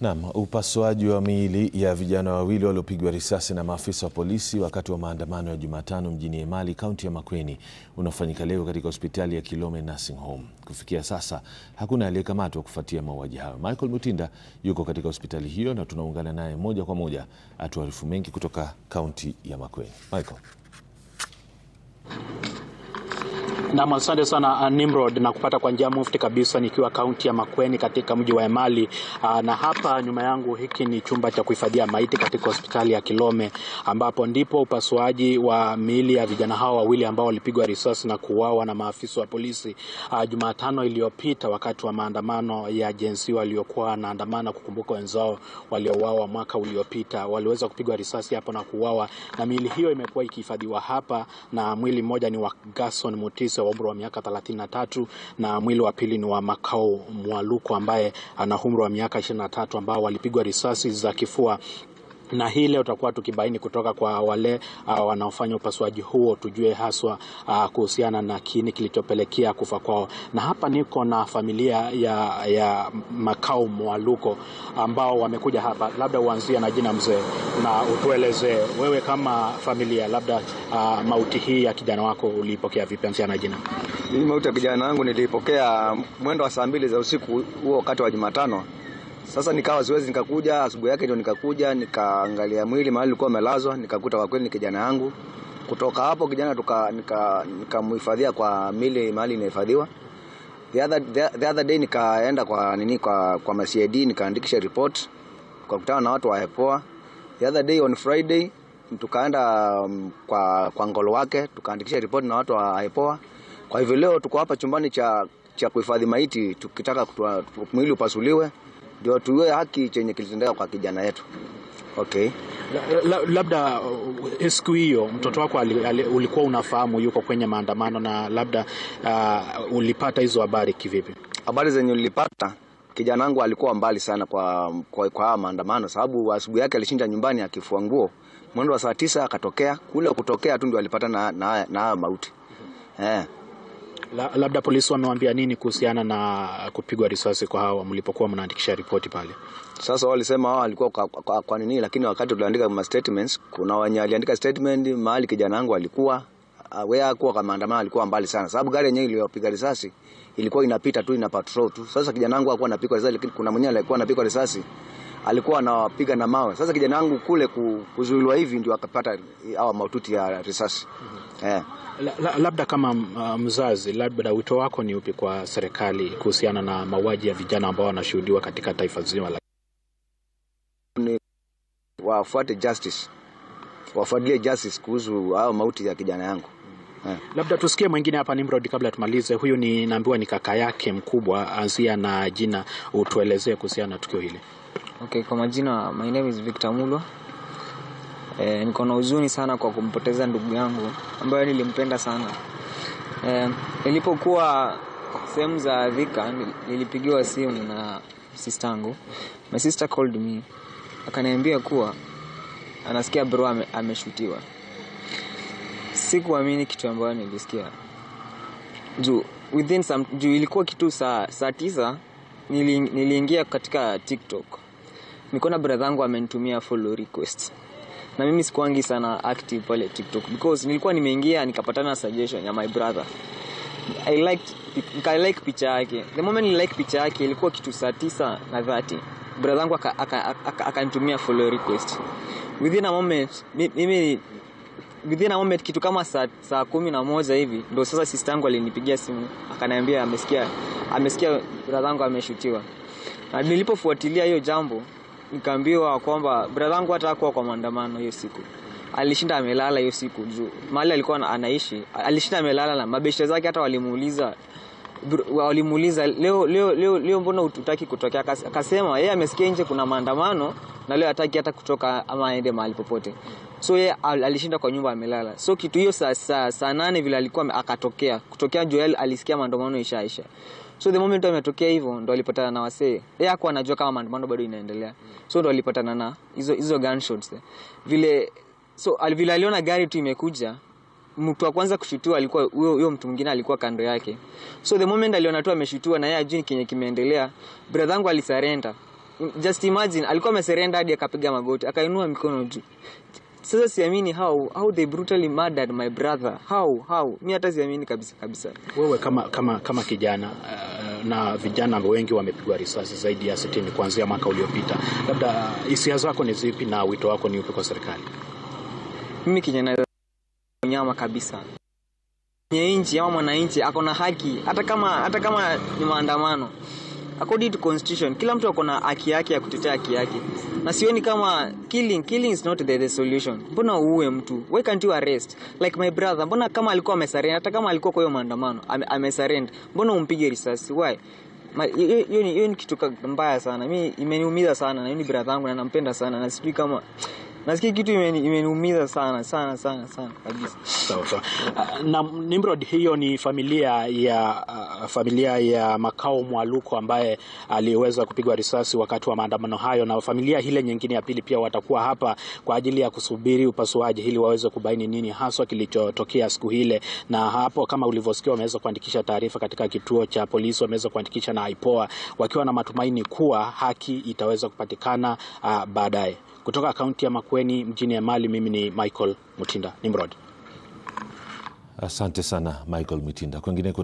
Naam, upasuaji wa miili ya vijana wawili waliopigwa risasi na maafisa wa polisi wakati wa maandamano ya Jumatano mjini Emali, kaunti ya Makueni, unafanyika leo katika hospitali ya Kilome Nursing Home. Kufikia sasa hakuna aliyekamatwa kufuatia mauaji hayo. Michael Mutinda yuko katika hospitali hiyo na tunaungana naye moja kwa moja atuarifu mengi kutoka kaunti ya Makueni. Michael. Naam, asante sana uh, Nimrod, na kupata kwa njia mufti kabisa nikiwa kaunti ya Makueni katika mji wa Emali. Aa, uh, na hapa nyuma yangu hiki ni chumba cha kuhifadhia maiti katika hospitali ya Kilome, ambapo ndipo upasuaji wa miili ya vijana hao wawili ambao walipigwa risasi na kuuawa na maafisa wa polisi uh, Jumatano iliyopita wakati wa maandamano ya jinsi waliokuwa wanaandamana kukumbuka wenzao waliouawa mwaka uliopita. Waliweza kupigwa risasi hapo na kuuawa, na miili hiyo imekuwa ikihifadhiwa hapa, na mwili mmoja ni wa Gason Mutisa wa umri wa miaka 33 na mwili wa pili ni wa Makao Mwaluko ambaye ana umri wa miaka 23 ambao walipigwa risasi za kifua na hii leo tutakuwa tukibaini kutoka kwa wale uh, wanaofanya upasuaji huo, tujue haswa uh, kuhusiana na kini kilichopelekea kufa kwao. Na hapa niko na familia ya, ya Makau Mwaluko ambao wamekuja hapa. Labda uanzie na jina mzee, na utuelezee wewe kama familia, labda uh, mauti hii ya kijana wako uliipokea vipi? Anzia na jina. Mauti ya kijana wangu nilipokea mwendo wa saa mbili za usiku huo wakati wa Jumatano. Sasa nikawa siwezi, nikakuja asubuhi yake ndio nikakuja nikaangalia mwili mahali ulikuwa amelazwa, nikakuta kwa kweli ni kijana yangu. Kutoka hapo kijana tuka nikamhifadhia nika kwa mili mahali inahifadhiwa. The other, the, the other day nikaenda kwa nini kwa, kwa MCID nikaandikisha report, kwa kutana na watu wa EPOA. The other day on Friday tukaenda um, kwa, kwa ngolo wake tukaandikisha report na watu wa EPOA. Kwa hivyo leo tuko hapa chumbani cha, cha kuhifadhi maiti tukitaka kutua, mwili upasuliwe ndio tuwe haki chenye kilitendeka kwa kijana yetu. Okay. La, la, labda uh, siku hiyo mtoto wako ulikuwa unafahamu yuko kwenye maandamano na labda uh, ulipata hizo habari kivipi? Habari zenye ulipata, kijana wangu alikuwa mbali sana kwa, kwa, kwa haya maandamano, sababu asubuhi yake alishinda nyumbani akifua nguo mwendo wa saa tisa akatokea kule, kutokea tu ndio alipata na haya na, na mauti eh. La, labda polisi wamewambia nini kuhusiana na kupigwa risasi kwa hawa mlipokuwa mnaandikisha ripoti pale? Sasa walisema hao walikuwa kwa, kwa, kwa, kwa nini, lakini wakati tuliandika ma statements kuna wenye aliandika statement mahali kijana wangu alikuwa uh, wewe hakuwa kwa maandamano, alikuwa mbali sana, sababu gari yenyewe iliyopiga risasi ilikuwa inapita tu ina patrol tu. Sasa kijana wangu hakuwa anapigwa risasi, lakini kuna mwenyewe alikuwa anapigwa risasi alikuwa anawapiga na mawe. Sasa kijana wangu kule kuzuiliwa hivi ndio akapata hawa maututi ya risasi. mm -hmm. yeah. La, la, labda kama uh, mzazi, labda wito wako ni upi kwa serikali kuhusiana na mauaji ya vijana ambao wanashuhudiwa katika taifa zima la... ni wafuate justice, wafuatilie justice kuhusu hao mauti ya kijana yangu. Yeah. Mhm. Labda tusikie mwingine hapa Nimrod, kabla tumalize. Huyu ni naambiwa ni kaka yake mkubwa, anzia na jina, utuelezee kuhusiana na tukio hili. Okay, kwa majina my name is Victor Mulwa. E, niko na huzuni sana kwa kumpoteza ndugu yangu ambaye nilimpenda sana. E, nilipokuwa sehemu za dhika nilipigiwa simu na yangu. My sister called me akaniambia kuwa anasikia bro ame, ameshutiwa. Sikuamini kitu ambayo nilisikia juu within some, juu ilikuwa kitu saa saa tisa nili, niliingia katika TikTok nikona brother yangu amenitumia follow request na mimi sikuangi sana active pale tiktok because nilikuwa nimeingia nikapatana suggestion ya my brother I liked, nika like picha yake the moment like picha yake ilikuwa kitu saa tisa na dhati brother yangu akanitumia aka, aka, aka, follow request within a moment mimi within a moment kitu kama saa, saa kumi na moja hivi ndo sasa sista yangu alinipigia simu akaniambia amesikia amesikia brother bradhangu ameshutiwa na nilipofuatilia hiyo jambo nikaambiwa kwamba wangu hata kuwa kwa maandamano hiyo siku alishinda amelala hiyo siku juu mahali alikuwa anaishi alishinda amelala na mabeshe zake hata walimuuliza walimuuliza leo, leo, leo, leo mbona utaki kutokea akasema yeye amesikia nje kuna maandamano na leo hataki hata kutoka ama aende mahali popote so yeye alishinda kwa nyumba amelala so kitu hiyo saa, saa, saa nane vile alikuwa akatokea kutokea juu alisikia maandamano ishaisha isha so the moment ametokea hivyo ndo alipatana na wasee yeye hakuwa anajua kama maandamano bado inaendelea so ndo alipatana na hizo hizo gunshots vile so vile aliona gari tu imekuja mtu wa kwanza kushutua alikuwa huyo mtu mwingine alikuwa kando yake so the moment aliona tu ameshutua na yeye ajui kenye kimeendelea bradhangu alisarenda just imagine alikuwa ameserenda hadi akapiga magoti akainua mikono juu sasa siamini how how they brutally murdered my brother. How how? Mimi hata siamini kabisa kabisa. Wewe kama kama kama kijana uh, na vijana wengi wamepigwa risasi zaidi ya 60 kuanzia mwaka uliopita. Labda hisia zako ni zipi na wito wako ni upi kwa serikali? Mimi kijana nyama kabisa. Mwenye nchi ama mwananchi ako na haki hata kama hata kama ni maandamano according to constitution kila mtu akona haki yake ya kutetea haki yake na sioni kama killing killing is not the, the solution mbona uue mtu why can't you arrest like my brother mbona kama alikuwa amesarend hata kama alikuwa kwa hiyo maandamano amesarend mbona umpige risasi why hiyo ni kitu mbaya sana mi imeniumiza sana na hiyo ni brother yangu na nampenda sana na sijui kama nasikia kitu imeniumiza sana sana sana sana kabisa sawa sawa uh, na Nimrod hiyo ni familia ya uh, familia ya Makao Mwaluko ambaye aliweza kupigwa risasi wakati wa maandamano hayo na familia hile nyingine ya pili pia watakuwa hapa kwa ajili ya kusubiri upasuaji ili waweze kubaini nini haswa kilichotokea siku hile na hapo kama ulivyosikia wameweza kuandikisha taarifa katika kituo cha polisi wameweza kuandikisha na IPOA wakiwa na matumaini kuwa haki itaweza kupatikana uh, baadaye kutoka kaunti ya Makueni mjini ya Mali, mimi ni Michael Mutinda Nimrod. Asante sana Michael Mutinda. Kwengine